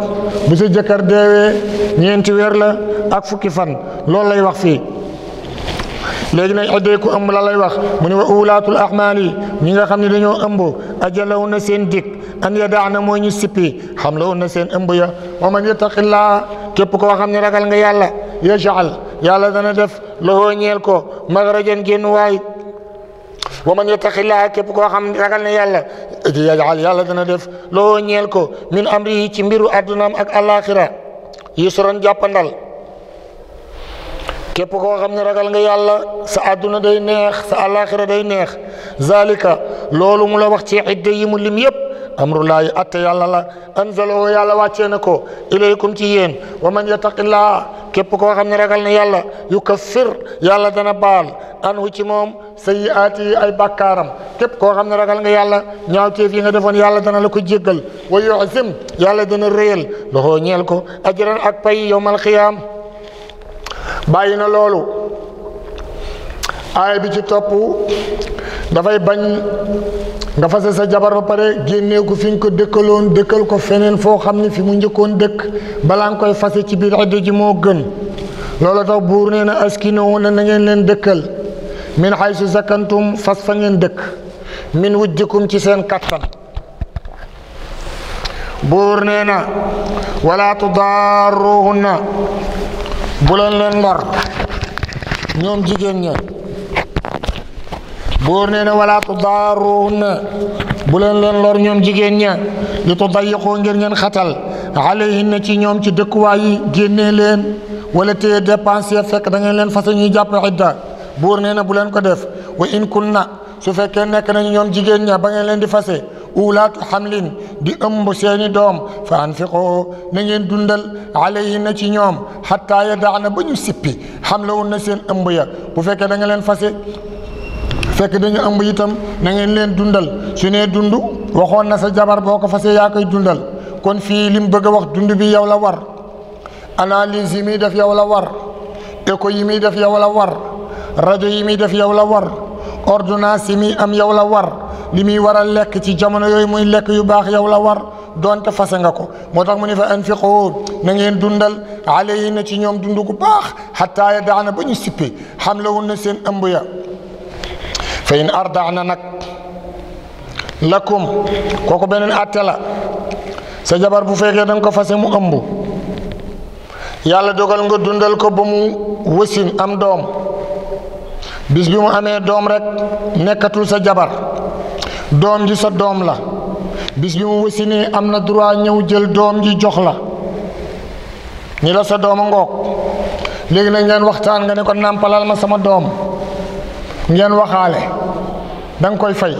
bu sa jëkkër deewee ñeenti weer la ak fukki fan loolu lay wax fii léegi nag addee ku ëmb la lay wax mu ne wa ulaatul ahmaal yi ñi nga xam ne dañoo ëmb ajalaw na seen dik an ya daax na mooy ñu sippi xam la na seen ëmb ya wa man yattaqillaa képp koo xam ne ragal nga yàlla yajal yàlla dana def loxoo ñeel ko magrajan génn waay wa man yattaqillaa képp koo xam ragal ne yàlla yajal yàlla dana def loxoo ñeel ko min amri yi ci mbiru addunaam ak alaxira yusran jàppandal كيف هو خامنئي رجال عند الله سأدون دينه سأله خير دينه ذلك لولو ملا وقت يحدي ملمي يب أمر الله أتى الله لا يا الله واتينكو إليكم تيين ومن يتق الله كيف هو خامنئي رجال عند الله يكفر يا الله دنا بال أن هو أي بكارم كيف هو خامنئي رجال عند الله نعطي في عند فني الله دنا لكو جيجل ويعزم يا الله دنا ريل لهو نيلكو أجرن أكبي يوم القيامة bàyyi na loolu aay bi ci topp dafay bañ nga fase sa jabar ba pare génnee ko fi nga ko dëkkaloon dëkkal ko feneen foo xam ne fi mu njëkkoon dëkk balaa nga koy fase ci biir idda ji moo gën loolu tax buur nee na askinowu na na ngeen leen dëkkal min haysu sakantum fas fa ngeen dëkk min wujjikum ci seen kattan buur nee na wala tudaaruhunna bu leen leen lor ñoom jigéen ña buur nee walaa wala tudaaruhunna bu leen leen lor ñoom jigéen ña li tudayiqoo ngir ngeen xatal alayhinna ci ñoom ci dëkkuwaay yi génnee leen wala téye dépense ya fekk da ngeen leen fase ñuy jàpp idda buur nee na bu leen ko def wa in kunna su fekkee nekk nañu ñoom jigéen ña ba leen di fase ulaatu xamlin di ëmb seeni doom fa anfiqoo na ngeen dundal alayhi na ci ñoom xataa ya daax na ba ñu sippi xamlawun na seen ëmb ya bu fekkee da nga leen fase fekk dañu ëmb itam na ngeen leen dundal su nee dund waxoon na sa jabar boo ko fasee yaa koy dundal kon fii lim bëgg a wax dund bi yow la war analyse yi muy def yow la war écho yi muy def yow la war rajo yi muy def yow la war ordonnance yi muy am yow la war li muy war a lekk ci jamono yooyu muy lekk yu baax yow la war doonte fase nga ko moo tax mu ne fa anfiqu na ngeen dundal alayhinna ci ñoom dund gu baax xataa ya daana ba ñu sippe xamlawun na seen ëmb ya fa in ardaana nag lakum kooku beneen atte la sa jabar bu fekkee da nga ko fase mu ëmb yàlla dogal nga dundal ko ba mu wasin am doom bis bi mu amee doom rek nekkatul sa jabar doom ji sa doom la bis bi mu wasi am na droit ñëw jël doom ji jox la ñi la sa doom a ngoog léegi nag ngeen waxtaan nga ne ko nàmpalal ma sama doom ngeen waxaale da koy fay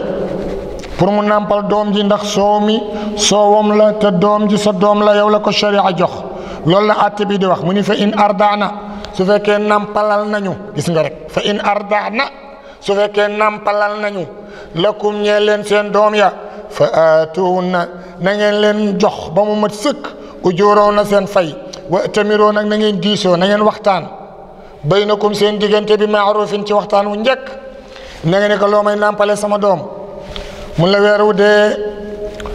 pour mu nàmpal doom ji ndax soow mi soowoom la te doom ji sa doom la yow la ko sharia jox loolu la àtte bi di wax mu ni fa in ardaana su fekkee nampalal nañu gis nga rek fa in ardaxna su fekkee nampalal nañu lakum ñee leen seen doom ya fa a na ngeen leen jox ba mu mat sëkk ujuuroo na seen fay wa tamiroo nag na ngeen diisoo na ngeen waxtaan baynakum seen diggante bi maarufin ci waxtaan wu njëkk na nga ne ko loo may nàmpale sama doom mun la weer wu dee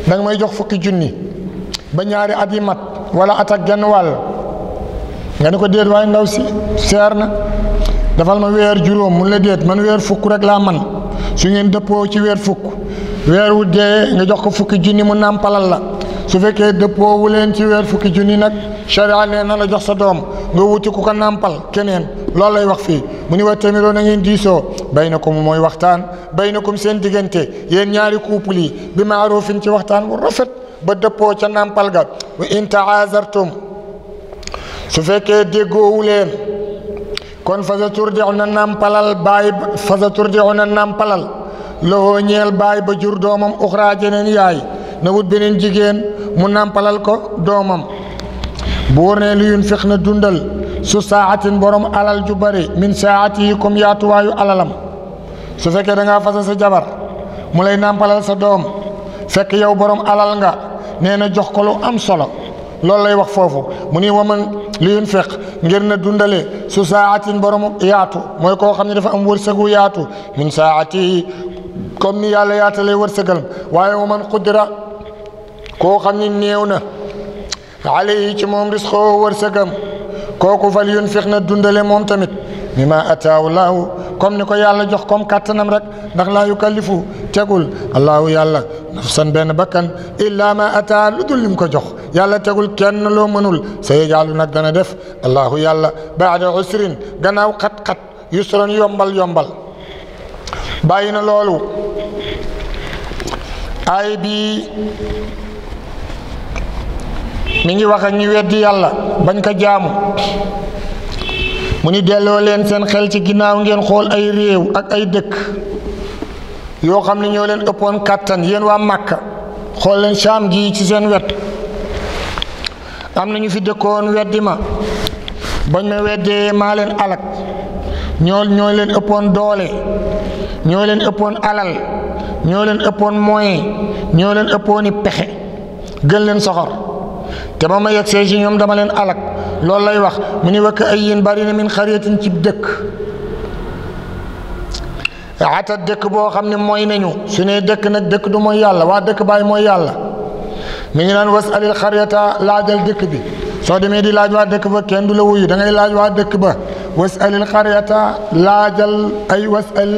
da may jox fukki junni ba ñaari at yi mat wala at genn wàll nga ne ko déet waaye ndaw si seer na dafal ma weer juróom mun la déet man weer fukk rek laa man su ngeen dëppoo ci weer fukk weer wu dee nga jox ko fukki junni mu nàmpalal la su fekkee dëppoo wu leen ci weer fukki junni nag charia nee na la jox sa doom nga wuti ku ko nàmpal keneen loolu lay wax fii mu ni wa tamiroo na ngeen diisoo bay na ko mooy waxtaan bay na ko seen diggante yéen ñaari couple yi bi maarufin ci waxtaan bu rafet ba dëppoo ca nàmpal ga su fekkee déggoowu leen kon fasa turdixu na nàmpalal baay fasa turdixu na nàmpalal lowoo ñeel baay ba jur doomam uxraa jeneen yaay na wut beneen jigéen mu nàmpalal ko doomam bu wóor ne lu na dundal su saaxatin borom alal ju bari min saaxati yi comme yaatuwaayu alalam su fekkee da ngaa fasa sa jabar mu lay nàmpalal sa doom fekk yow borom alal nga nee na jox ko lu am solo loolu lay wax foofu mu ni waman li yunfiq ngir na dundale su saatin borom yaatu mooy koo xam ne dafa am wërsëgu yaatu min saati comme ni yàlla yaatalee wërsëgalam waaye waman qudira koo xam ni néew na alayhi ci moom risqoo wërsëgam kooku fal yunfiq na dundale moom tamit mimma ataahu laahu comme ni ko yàlla jox comme kàttanam rek ndax laa yukallifu tegul allahu yàlla nafsan benn bakkan illa ma ataa lu dul lim ko jox yàlla tegul kenn loo mënul sa yejaalu nag dana def allahu yàlla baada usrin gannaaw xat-xat yusran yombal yombal bàyyi na loolu ay bi mu ngi wax ak ñi weddi yàlla bañ ko jaamu mu nu delloo leen seen xel ci ginnaaw ngeen xool ay réew ak ay dëkk yoo xam ne ñoo leen ëppoon kàttan yéen waa Màkka xool leen Saam gi ci seen wet amna ñu fi dëkkoon weddi bañ ma weddee maa leen alak ñoo ñoo leen ëppoon doole ñoo leen ëppoon alal ñoo leen ëppoon moyen ñoo leen ëppoon i pexe gën leen soxor te ba ma yegsee ci ñoom dama leen alak loolu lay wax mu ni wakk ay yéen bari na min xariyatin ci dëkk ata dëkk boo xam ne mooy nañu su ne dëkk nag dëkk du mooy yàlla waa dëkk baay mooy yàlla ميني نان واسال الخريطه لاجل دك بي سو دمي دي لاج وا دك با كين دولا ووي داغي لاج وا دك با واسال الخريطه لاجل اي وسال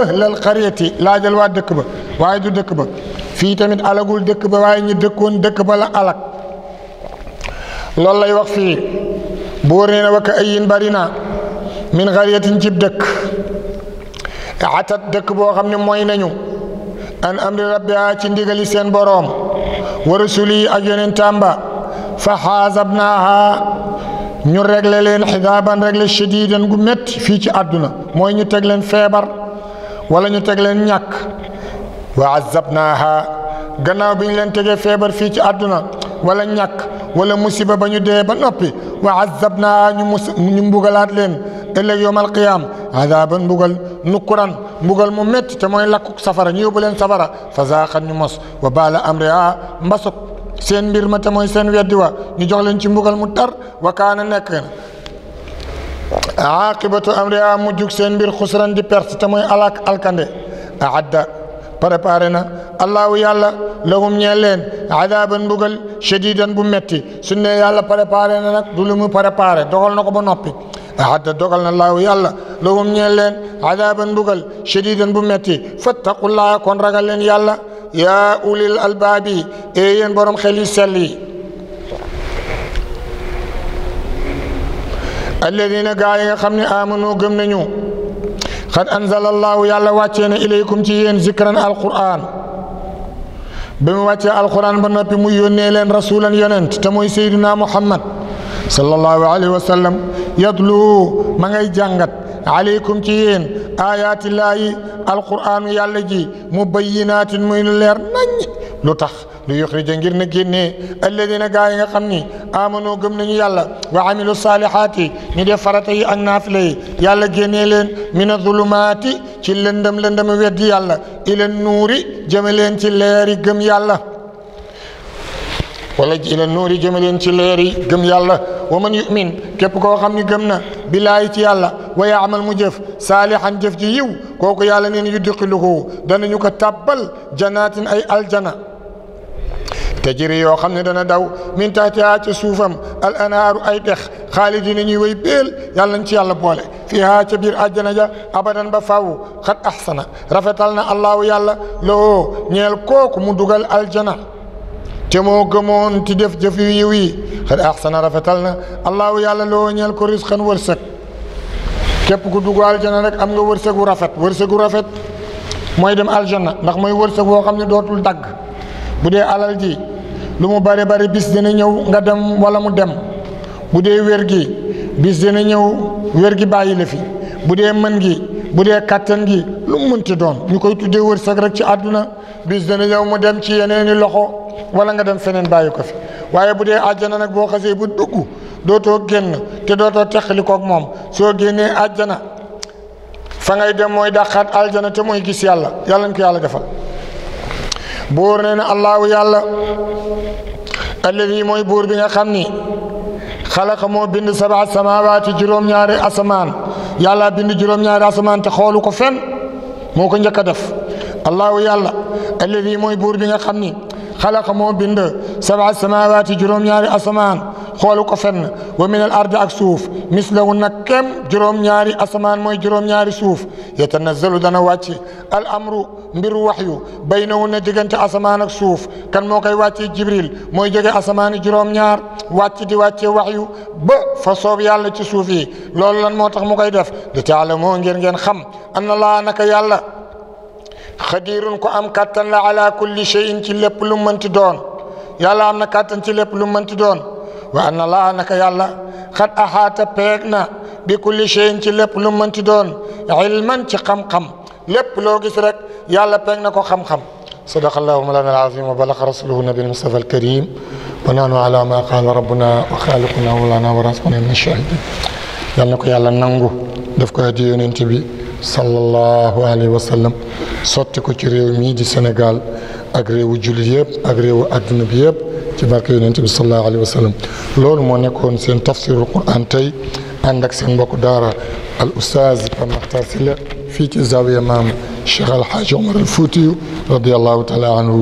اهل القريه لاجل وا دك با واي دو دك با في تاميت الاغول دك با واي ني دكون دك با لا الاك لول لاي واخ في بور وك ايين بارينا من غريه جيب دك عتت دك بو خامني موي نانيو ان امر ربها تي ديغالي سين بروم wa rusuli ak yonentam ba fa xaasabnaaha ñu regle leen xisaaban regle shadidan gu métti fii ci àdduna mooy ñu teg leen feebar wala ñu teg leen ñàkk wa azabnaaha gannaaw bi ñu leen tegee feebar fii ci àdduna wala ñàkk wala musiba ba ñu dee ba noppi wa azabnaaha ñu mus ñu mbugalaat leen إلا يوم القيام هذا بن بقول نكرا بقول ممت تموين لكوك سفر نيو بلين سفر فزاق النموس وبال أمر آ آه. مبسوك سين بير ما تموين سين ويدوا نجوغ لين چين بقول وكان نكين عاقبة أمر آ آه. مجوك سين بير خسران دي پرس تموين ألاك ألكاند أعدى بربارنا الله يالله لهم يالين عذابا بقول شديدا بمتي سنة يالله بربارنا دولمو بربار دول نقبو نوبي حتى دخلنا الله يلا لهم يلن عذابا بغل شديدا بمتي فاتقوا الله كون رجلن يلا يا اولي الالباب ايين برم خلي سلي الذين قالوا خمني امنوا قم نيو قد انزل الله يلا واتينا اليكم تيين ذكرا القران بما واتي القران بنوبي مو يوني لين رسولا يونت تموي سيدنا محمد sallallahu alayhi wa sallam yatlu ma ngay jàngat aleykum ci yéen ayaatillaahi alquraanu yàlla ji mu bayyinaatin muy lu leer naññ lu tax lu yuxrija ngir na génnee alladina gaa yi nga xam ni amanoo gëm nañu yàlla wa amilu saalihaati ñu def farata yi ak naafila yi yàlla génnee leen mina zulumaati ci lëndëm lëndëm weddi yàlla ila nuuri jëme leen ci leeri gëm yàlla wala ila nuuri jëme leen ci leeri gëm yàlla ومن يؤمن كيف كو خامني گمنا بالله تي الله ويعمل مجف صالحا جف جيو كوكو يالا نين يدخله دنا نيو كتابل جنات اي الجنه تجري يو خامني دنا داو من تحتها تشوفم الانهار اي دخ خالدين ني وي بيل يالا نتي الله بوله فيها تبير الجنه ابدا بفاو خط احسن رفتلنا الله يالا لو نيل كوكو مو دوغال الجنه te moo gëmoon ci def jëf yu yiw yi xad axsana rafetal na allahu yàlla loo ñeel ko risqan wërsëg képp ku dugg aljana rek am nga wërsëgu rafet wërsëgu rafet mooy dem aljana ndax mooy wërsëg woo xam ne dootul dagg bu dee alal ji lu mu bari bari bis dina ñëw nga dem wala mu dem bu dee wér gi bis dina ñëw wér gi bàyyi la fi bu dee mën gi bu dee kàttan gi lu mu mënti doon ñu koy tuddee wërsëg rek ci àdduna bis dana ñëw mu dem ci yeneeni loxo wala nga dem feneen bàyyi ko fi waaye bu dee àjjana nag boo xasee bu dugg dootoo génn te dootoo teqali koog moom soo génnee àjjana fa ngay dem mooy dàqaat aljana te mooy gis yàlla yàlla ñu ko yàlla defal buur nee na allaahu yàlla alladi mooy buur bi nga xam ni xalaqa moo bind sabaa samaawaati juróom-ñaari asamaan yàlla bind juróom-ñaari asamaan te xoolu ko fenn moo ko njëkk a def allahu yàlla alladi mooy buur bi nga xam ni xalaqa moo bind sabaa samaawaati juróom-ñaari asamaan xoolu ko fenn wa min al ardi ak suuf mislahu nag kem juróom-ñaari asamaan mooy juróom-ñaari suuf yatanazzalu dana wàcc al amru mbiru waxyu baynahu na diggante asamaan ak suuf kan moo koy wàccee jibril mooy jóge asamaani juróom-ñaar wàcc di wàccee waxyu ba fa soob yàlla ci suuf yi loolu lan moo tax mu koy def di taala moo ngeen ngeen xam anna laa naka yàlla خدير كو ام كاتن على كل شيء تي لب لو منتي دون يالا ام كاتن تي لب لو منتي دون وان الله انك يالا خد احات بيغنا بكل شيء تي لب لو منتي دون علما تي خم خم لب لو غيس رك يالا بيغنا كو خم خم صدق الله مولانا العظيم وبلغ رسوله النبي المصطفى الكريم ونحن على ما قال ربنا وخالقنا ولنا ورزقنا من الشهيد يالا كو يالا نانغو داف كو ادي يونتي بي صلى الله عليه وسلم سوتكو تي ريو مي دي سنغال اك ريو جولي ييب اك ريو ادنا تي بارك يونتي صلى الله عليه وسلم لول مو نيكون سين تفسير القران تاي عندك سين بوك دارا الاستاذ فمختار سيل في تي زاويه مام شيخ الحاج عمر الفوتي رضي الله تعالى عنه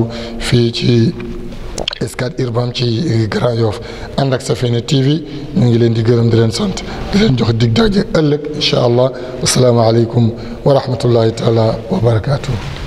في تي Scat Urbam ci Grand Yoff ànd ak Safina TV ñu ngi leen di gërëm di leen sant di leen jox dig daje ëllëg incha allah asalaamaaleykum wa rahmatullahi taala wa barakaatu.